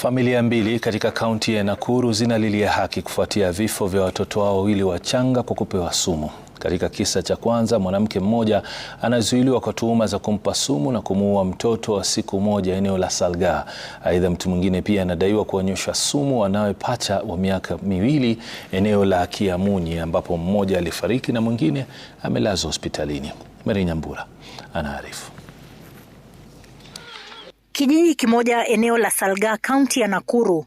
Familia mbili katika kaunti ya Nakuru zinalilia haki kufuatia vifo vya watoto wao wawili wachanga kwa kupewa sumu. Katika kisa cha kwanza, mwanamke mmoja anazuiliwa kwa tuhuma za kumpa sumu na kumuua mtoto wa siku moja eneo la salga Aidha, mtu mwingine pia anadaiwa kuonyesha sumu wanawe pacha wa miaka miwili eneo la Kiamunyi, ambapo mmoja alifariki na mwingine amelazwa hospitalini. Mary Nyambura anaarifu. Kijiji kimoja eneo la Salgaa kaunti ya Nakuru.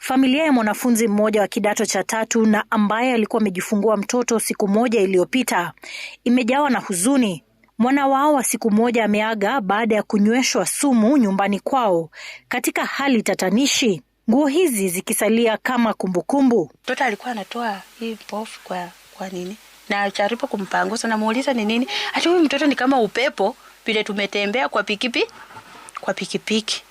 Familia ya mwanafunzi mmoja wa kidato cha tatu na ambaye alikuwa amejifungua mtoto siku moja iliyopita imejawa na huzuni. Mwana wao wa siku moja ameaga baada ya kunyweshwa sumu nyumbani kwao katika hali tatanishi, nguo hizi zikisalia kama kumbukumbu. Mtoto alikuwa anatoa hii pofu kwa, kwa nini na jaribu kumpangusa, namuuliza ni nini, hata huyu mtoto ni kama upepo vile tumetembea kwa pikipi kwa pikipiki.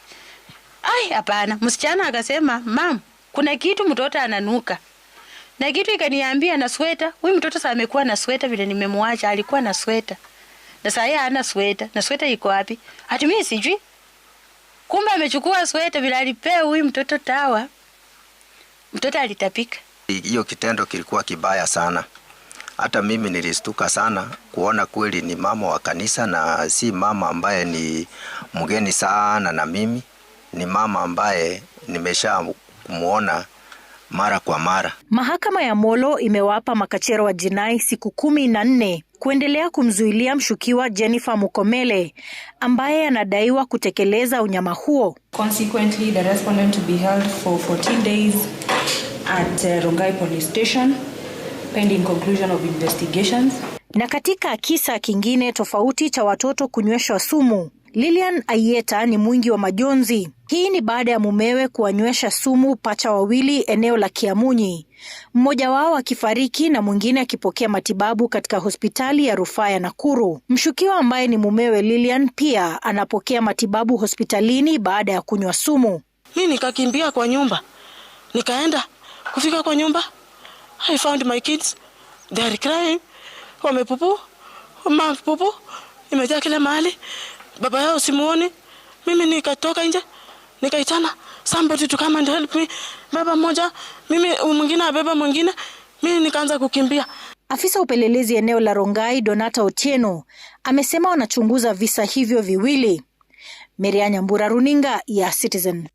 Ai, hapana. Msichana akasema, mam, kuna kitu mtoto ananuka na kitu ikaniambia na sweta. Huyu mtoto sasa amekuwa na sweta vile nimemwacha, alikuwa na sweta na sasa yeye hana sweta. Na sweta iko wapi? Hata mimi sijui. Kumbe amechukua sweta vile alipea huyu mtoto tawa. Mtoto alitapika. Hiyo kitendo kilikuwa kibaya sana. Hata mimi nilistuka sana kuona kweli ni mama wa kanisa na si mama ambaye ni mgeni sana na mimi. Ni mama ambaye nimesha kumwona mara kwa mara. Mahakama ya Molo imewapa makachero wa jinai siku kumi na nne kuendelea kumzuilia mshukiwa Jennifer Mukomele ambaye anadaiwa kutekeleza unyama huo. Consequently, the respondent to be held for 14 days at uh, Rongai police station pending conclusion of investigations. Na katika kisa kingine tofauti cha watoto kunyweshwa sumu, Lilian Ayeta ni mwingi wa majonzi. Hii ni baada ya mumewe kuwanywesha sumu pacha wawili eneo la Kiamunyi, mmoja wao akifariki na mwingine akipokea matibabu katika hospitali ya rufaa ya Nakuru. Mshukiwa ambaye ni mumewe Lilian pia anapokea matibabu hospitalini baada ya kunywa sumu. Mi nikakimbia kwa nyumba, nikaenda kufika kwa nyumba I found my kids, they are crying, wamepupu, mama pupu, imejaa kila mahali, baba yao simuoni. Mimi nikatoka nje, nikaitana somebody to come and help me, baba mmoja, mimi mwingine abeba mwingine, mimi nikaanza kukimbia. Afisa upelelezi eneo la Rongai Donata Otieno amesema wanachunguza visa hivyo viwili. Miriam Nyambura, runinga ya Citizen.